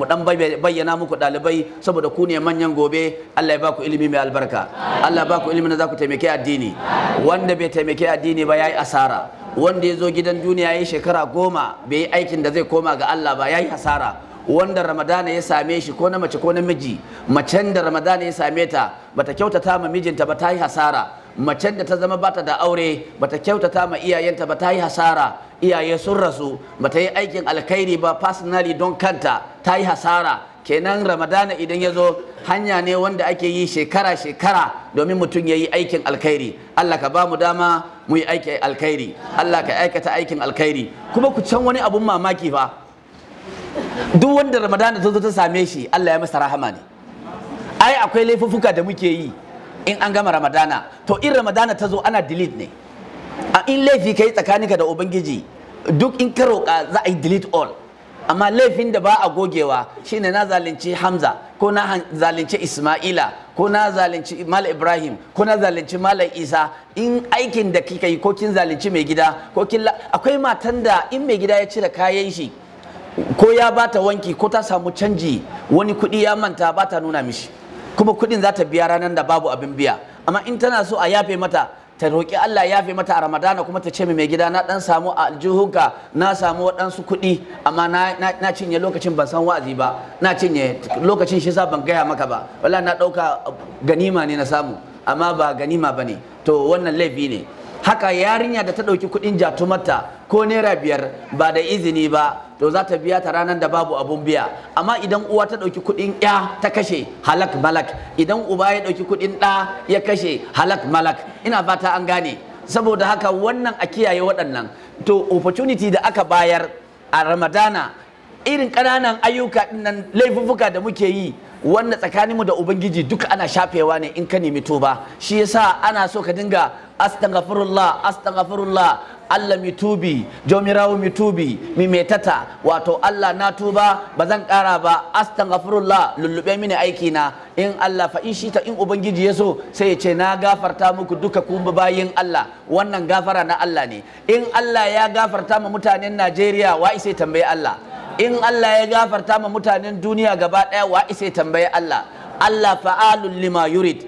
mu dan bayyana muku dalibai saboda ku ne manyan gobe Allah ya baku ilimi mai albarka Allah ya baku ilimi na za ku taimake addini wanda bai taimake addini ba yayi asara wanda ya zo gidan duniya yayi shekara goma bai yi aikin da zai koma ga Allah ba yayi hasara wanda ramadana ya same shi ko na mace ko namiji macen da ramadana ya same ta bata kyautata ma mijinta ba ta yi hasara macen da ta zama bata da aure bata kyautata ma iyayenta ba ta yi hasara iyaye sun rasu bata yi aikin alkhairi ba personally don kanta ta yi hasara kenan ramadana idan ya zo hanya ne wanda ake yi shekara shekara domin mutum ya yi aikin alkhairi allah ka ba mu dama mu yi aikin alkhairi allah ka aikata aikin alkhairi kuma ku can wani abun mamaki ba? duk wanda ramadana ta zo ta same shi allah ya masa rahama ne ai akwai laifuffuka da muke yi in an gama ramadana to in ramadana ta zo ana delete ne a in laifi kai tsakaninka da ubangiji duk in ka za a yi delete all amma laifin da ba a gogewa shine na zalunci hamza ko na zalunci ismaila ko na zalunci mal ibrahim ko na zalunci malam isa in aikin da kika yi ko kin zalunci mai gida ko kin akwai matan da in mai gida ya cire kayan shi ko ya bata wanki ko ta samu canji wani kuɗi ya manta bata nuna mishi kuma kuɗin za ta biya ranar da babu abin biya amma in tana so a yafe mata ta roƙi Allah yafe mata a Ramadana kuma ta ce mai gida na dan samu a aljihunka na samu waɗansu kuɗi amma na cinye lokacin ban san wa'azi ba na cinye lokacin shi sa ban gaya maka ba wala na ɗauka ganima ne na samu amma ba ganima ba ne to wannan laifi ne haka yarinya da ta ɗauki kuɗin jatumarta ko naira biyar ba da izini ba to za ta biya ta ranar da babu abun biya amma idan uwa ta ɗauki kuɗin ya ta kashe halak malak idan uba ya ɗauki kuɗin ɗa ya kashe halak malak ina fata an gane saboda haka wannan a kiyaye waɗannan to opportunity da aka bayar a ramadana irin ƙananan ayyuka nan laifuffuka da muke yi wanda tsakaninmu da ubangiji duk ana shafewa ne in ka nemi tuba shi yasa ana so ka dinga astaghfirullah astaghfirullah Allah mi tubi jomirawo mi tubi mi metata wato Allah na tuba ba zan kara ba astaghfirullah lullube mini aiki na in Allah fa in shita in ubangiji ya so sai ya ce na gafarta muku duka ku bayin Allah wannan gafara na Allah ne in Allah ya gafarta ma mutanen Najeriya wa sai tambayi Allah in Allah ya gafarta ma mutanen duniya gaba ɗaya wa isai tambayi Allah Allah fa'alun lima yurid